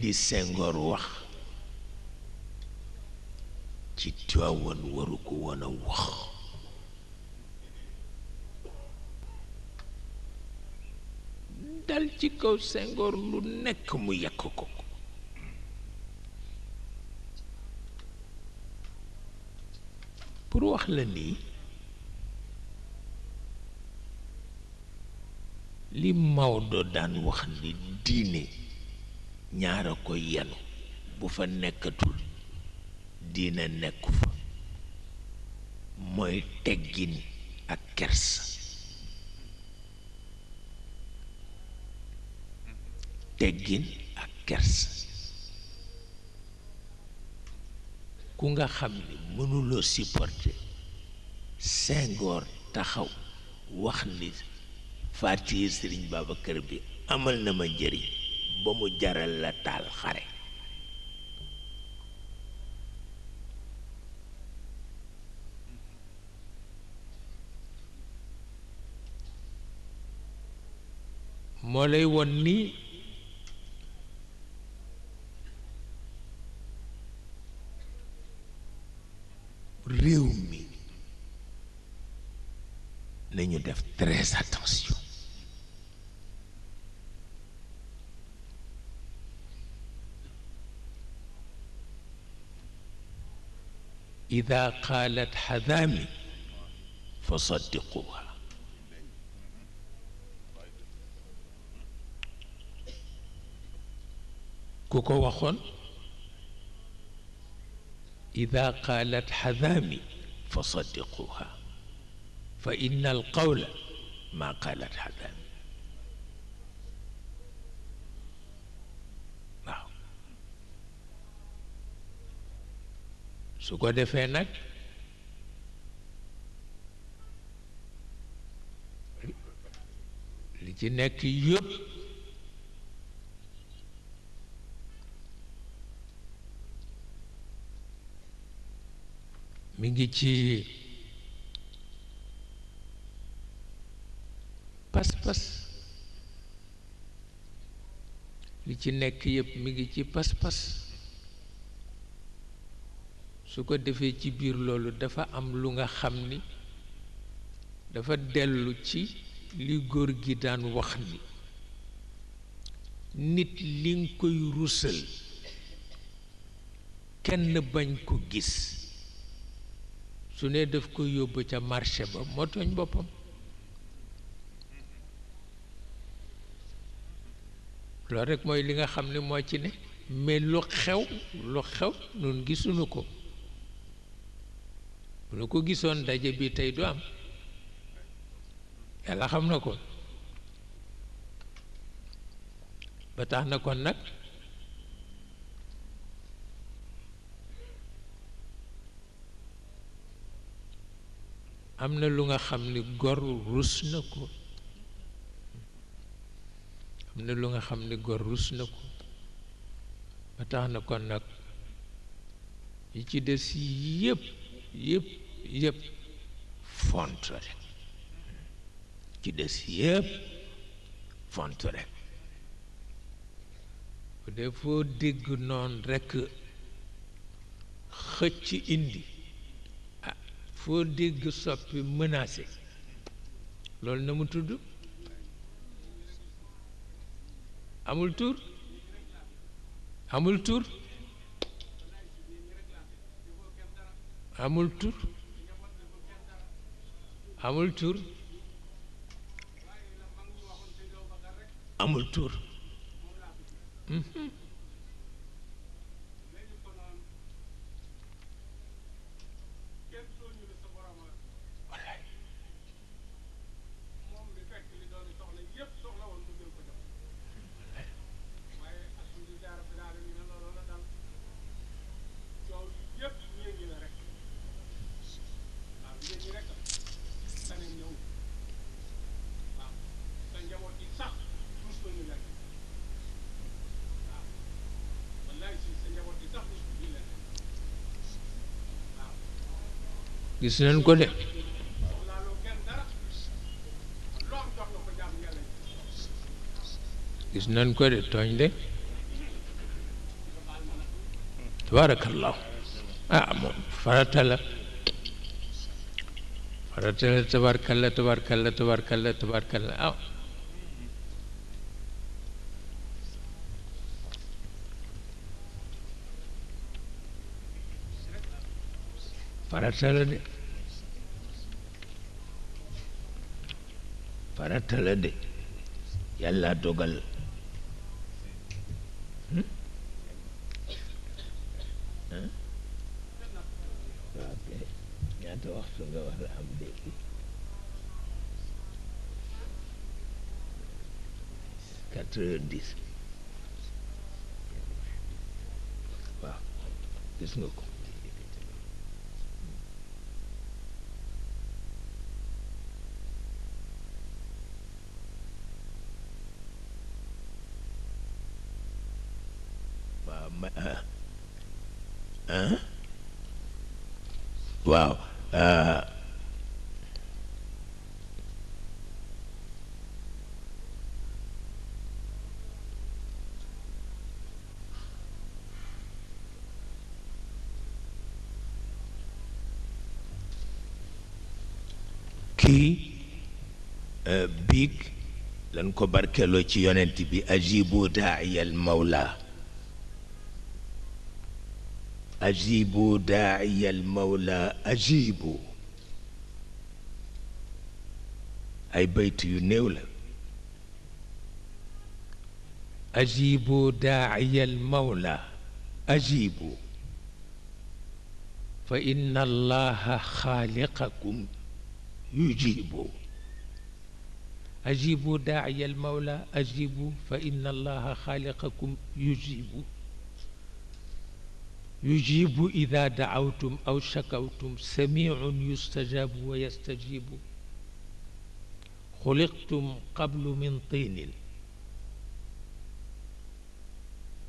li sengoor wax ci Tiwaawan waru ko wax dal ci kaw Senghor lu nekk mu yàq ko pour wax la nii li Maodo daan wax ni diine ñaar a ko yenu bu fa nekkatul diine nekku fa mooy teggin ak kersa teggin ak kersa ku nga xam ni mënuloo supporter Senghor taxaw wax ni fàttali sëriñ Babacar bi amal na ma njëriñ ba mu jaral la taal xare moo lay won ni réew mi nañu def très attention إذا قالت حذامي فصدقوها كوكو وخون إذا قالت حذامي فصدقوها فإن القول ما قالت حذامي su ko defee nag li ci nekk yëpp mi ngi ci pas-pas li ci nekk yëpp mi ngi ci pas-pas su ko defee ci biir loolu dafa am lu nga xam ni dafa dellu ci li góor gi daan wax ni nit li nga koy rusal kenn bañ ko gis su ne def ko yóbbu ca marché ba moo tooñ boppam loolu rekk mooy li nga xam ne moo ci ne mais lu xew lu xew nun gisuñu ko bu ko gisoon daje bi tey du am yàlla xam na ko ba tax na ko nag am na lu nga xam ni gor rus na ko am na lu nga xam ni gor rus na ko ba tax na kon nag yi ci des yëpp yëpp yépp font ci des yëpp font rek bu dee foo dégg noon rekk xëcc indi ah foo dégg soppi menacé loolu na mu tudd amul tur amul tur amul tur amul tur amul tur hmm. gis nañ ko de gis nañ ko de tooñ de tabarakallahu ah moom farata la tabarkalla tabarkalla tabarkalla tabarkalla farata ¿Mm? ¿Eh? la de farata la de yàlla dogal ñaata waxtu nga war a am léegi quatre heures dix waaw gis nga ko Ah, ah? waaw ah. kii eh, biig lan ko barkeloo ci yonent bi ajibu daaiya al mawla أجيبوا داعي المولى أجيبوا أي بيت ينيولا أجيبوا داعي المولى أجيبوا فإن الله خالقكم يجيب أجيبوا داعي المولى أجيبوا فإن الله خالقكم يجيب يجيب إذا دعوتم أو شكوتم سميع يستجاب ويستجيب خلقتم قبل من طين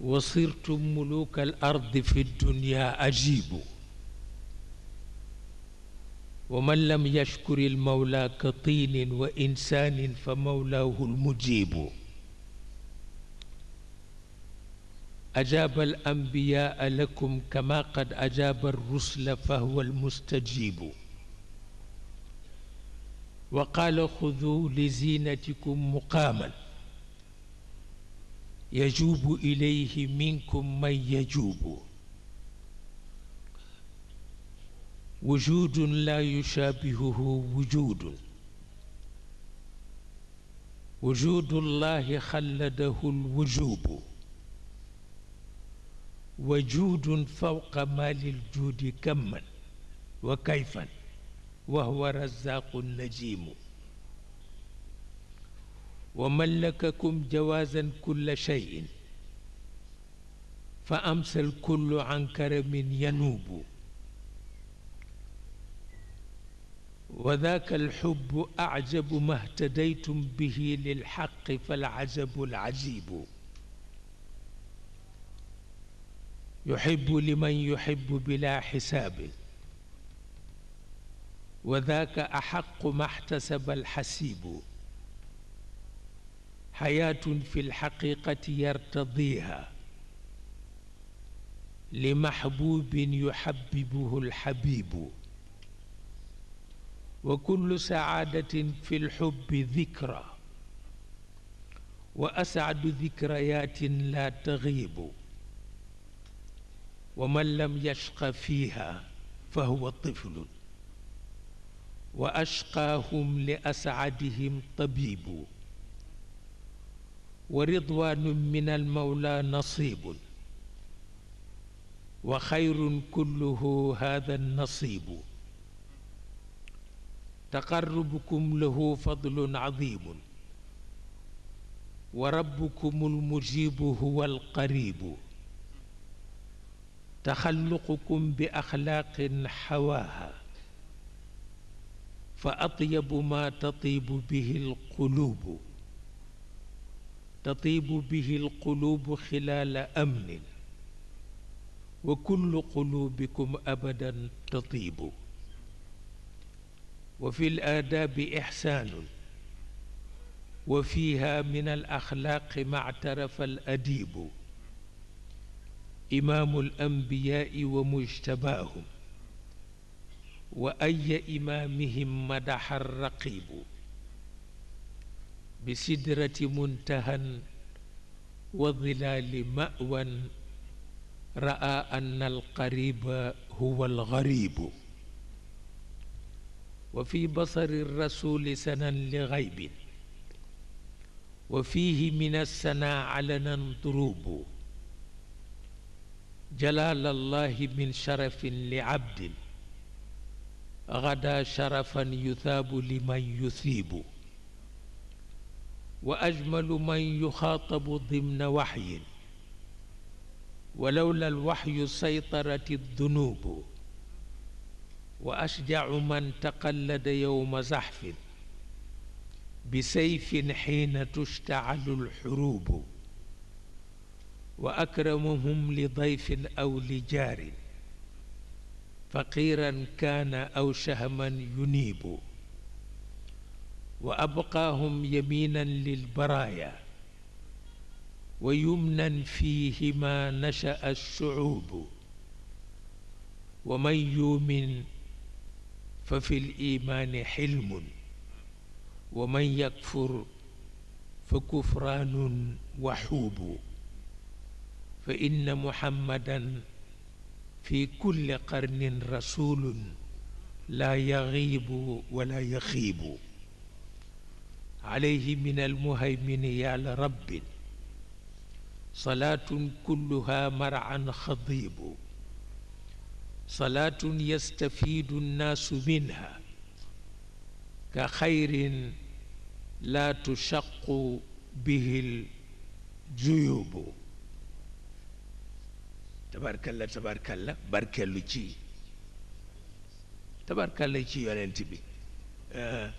وصرتم ملوك الأرض في الدنيا أجيب ومن لم يشكر المولى كطين وإنسان فمولاه المجيب أجاب الأنبياء لكم كما قد أجاب الرسل فهو المستجيب وقال خذوا لزينتكم مقاما يجوب إليه منكم من يجوب وجود لا يشابهه وجود وجود الله خلده الوجوب وجود فوق ما للجود كما وكيفا وهو رزاق نجيم وملككم جوازا كل شيء فأمسى الكل عن كرم ينوب وذاك الحب أعجب ما اهتديتم به للحق فالعجب العجيب يحب لمن يحب بلا حساب وذاك أحق ما احتسب الحسيب حياة في الحقيقة يرتضيها لمحبوب يحببه الحبيب وكل سعادة في الحب ذكرى وأسعد ذكريات لا تغيب ومن لم يشق فيها فهو طفل وأشقاهم لأسعدهم طبيب ورضوان من المولى نصيب وخير كله هذا النصيب تقربكم له فضل عظيم وربكم المجيب هو القريب تخلقكم بأخلاق حواها فأطيب ما تطيب به القلوب تطيب به القلوب خلال أمن وكل قلوبكم أبدا تطيب وفي الآداب إحسان وفيها من الأخلاق ما اعترف الأديب إمام الأنبياء ومجتباهم وأي إمامهم مدح الرقيب بسدرة منتهى وظلال مأوى رأى أن القريب هو الغريب وفي بصر الرسول سنا لغيب وفيه من السنا علنا ضروب جلال الله من شرف لعبد غدا شرفا يثاب لمن يثيب وأجمل من يخاطب ضمن وحي ولولا الوحي سيطرت الذنوب وأشجع من تقلد يوم زحف بسيف حين تشتعل الحروب وأكرمهم لضيف أو لجار فقيرا كان أو شهما ينيب وأبقاهم يمينا للبرايا ويمنا فيهما نشأ الشعوب ومن يؤمن ففي الإيمان حلم ومن يكفر فكفران وحوب فإن محمدا في كل قرن رسول لا يغيب ولا يخيب عليه من المهيمن يا لرب صلاة كلها مرعا خضيب صلاة يستفيد الناس منها كخير لا تشق به الجيوب tabarkalla tabarkalla barkeelu ci tabarkalla ci yonent bi euh,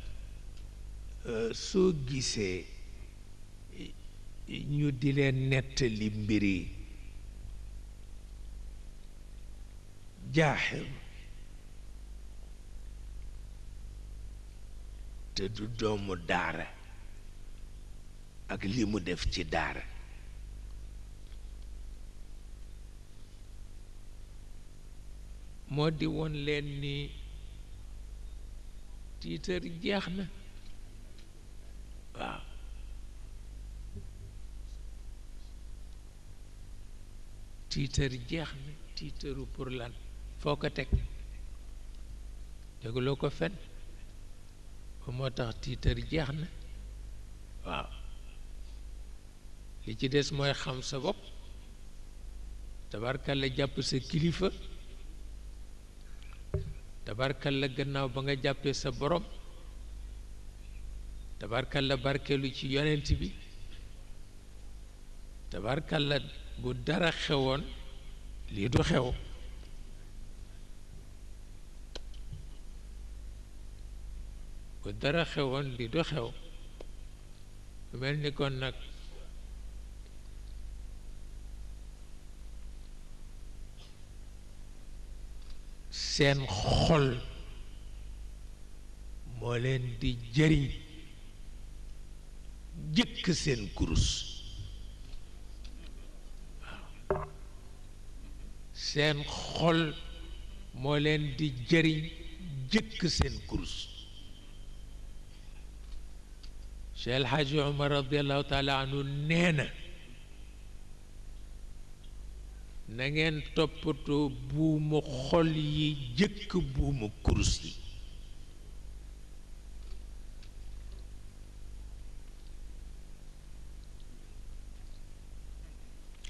euh, soo gisee ñu di leen nettali yi jaaxir te du doomu daara ak li mu def ci daara moo di woon leen ni tiitër jeex na waaw tiitër jeex na tiitëru pour lan foo ko teg dégloo ko fen ba moo tax tiitër jeex na waaw li ci des mooy xam sa bopp tabarkalla jàpp sa kilifa tabarkal la gannaaw ba nga jàppee sa borom tabarkal la barkeelu ci yonent bi tabarkal la bu dara xewoon lii du xew bu dara xewoon lii du xew mel ni kon nag seen xol moo leen di jëriñ jëkk seen kurus seen xol moo leen di jëriñ jëkk seen kurus Cheikh El Hadji Omar radiallahu taala anhu nee na na toppatoo buumu xol yi jëkk buumu kurus yi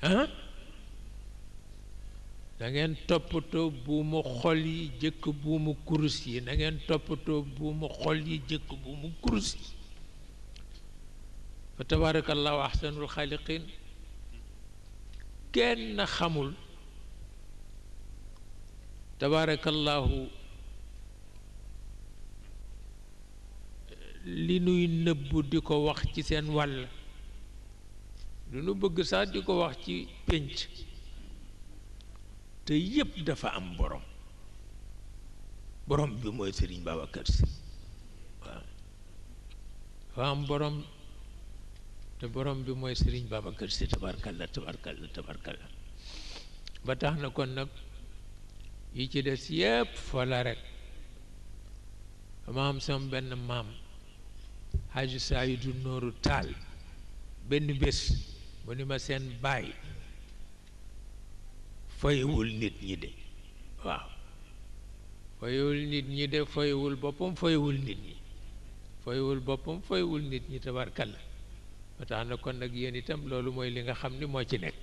ah toppatoo buumu xol yi jëkk buumu kurus yi na ngeen toppatoo buumu xol yi jëkk buumu kurus yi fa tabaarakallaahu ahsanul xaaliqiin kenn xamul tabaarakallaahu li nuy nëbbu di ko wax ci seen wàll lu nu bëgg sax di ko wax ci pénc te yépp dafa am borom borom bi mooy Sëriñ Babacar Si waaw dafa am borom te borom bi mooy Serigne Babacar Sy tabarkalla tabarkalla tabarkalla ba tax na kon nag yi ci des yépp foola rek dama am benn maam xaaju saa yu du nooru taal benn bés mu ni ma seen baay foyewul nit ñi de waaw foyewul nit ñi de foyewul boppam foyewul nit ñi foyewul boppam foyewul nit ñi tabarkalla ba tax na kon nag yéen itam loolu mooy li nga xam ni moo ci nekk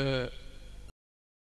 euh,